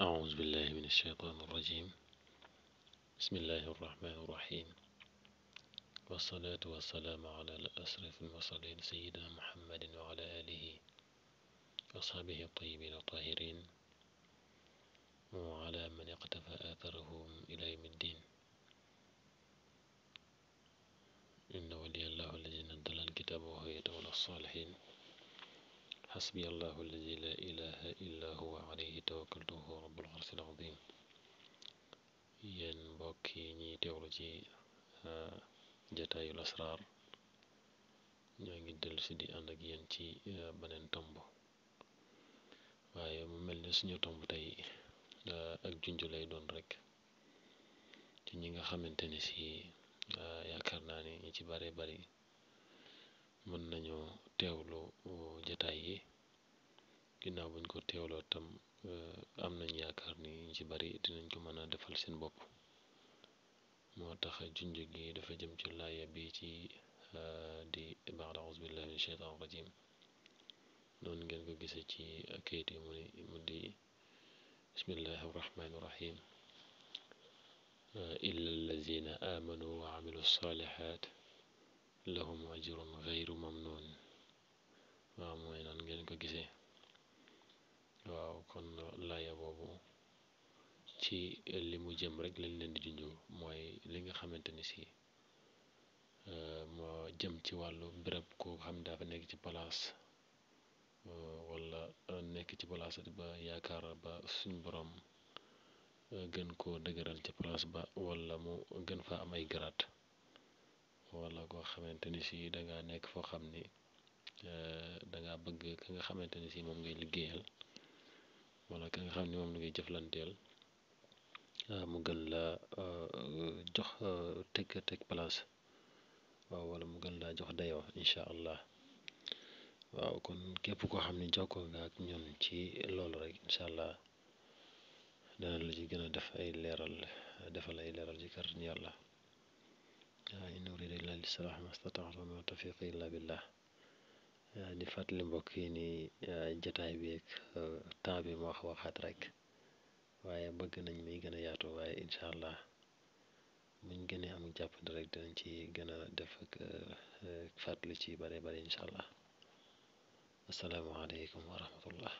أعوذ بالله من الشيطان الرجيم بسم الله الرحمن الرحيم والصلاة والسلام على أسرف المرسلين سيدنا محمد وعلى آله وأصحابه الطيبين الطاهرين وعلى من اقتفى آثرهم إلى يوم الدين إن ولي الله الذي نزل الكتاب وهو يتولى الصالحين حسبي الله الذي لا إله إلا هو عليه توكلت هو رب العرش العظيم yéen mbokk yi ñuy teewlu ci ah, jataayu lasraar ñoo ngi dellusi di ànd ak yéen ci ah, beneen tomb waaye mu mel ni suñu tomb tey ah, ak junj lay doon rek te ñi nga xamante ni si yaakaar naa ni ñi ci bare bari mën nañoo teewlu jataay yi ginnaaw buñ ko teewloo tam eh, am nañ yaakaar ni ñu ci bari dinañ ko mën a defal seen bopp moo tax junj gi dafa jëm ci laaya bi ci eh, di ba'da a'uuzu billahi min shaytaani rajim noonu ngeen ko gisee ci kayit yi mu ni mu di bismillahi rahmaani rahim eh, illa allazina amanu wa amilu salihat lahum ajrun gayru mamnun waaw mooy noonu ngeen ko gisee ci li mu jëm rek lañ leen di junju mooy li nga xamante ni si euh, moo jëm ci wàllu béréb koo xam dafa nekk ci place euh, wala euh, nekk ci place ba yaakaar ba suñ borom gën koo dëgëral ci place ba walla mu gën fa am ay garaat wala koo xamante ni si danga nekk foo xam ni danga bëgg ka nga xamante ni si moom ngay liggéeyal wala ka nga xam ni moom la ngay jëflanteel Euh, mu gën la euh, jox euh, teg teg place waaw wala mu gën laa jox dayoo incha allah waaw kon képp koo xam ne jokkoo nga ak ñun ci loolu rek incha allah dana la ci gën a def ay leeral defal ay leeral ci kàttan yàlla in uriidu illaa l-islaaha ma stata'tu wa ma tawfiiqi illaa billah di fàttali mbokk yi nii jataay bi ak temps bi mu xaw a rek waaye bëgg nañ muy gën a yaatoo waaye incha allah muñ gën a am jàpp rek ci gën a def ak euh, fàttali ci bare bare incha allah asalaamaaleykum wa rahmatullah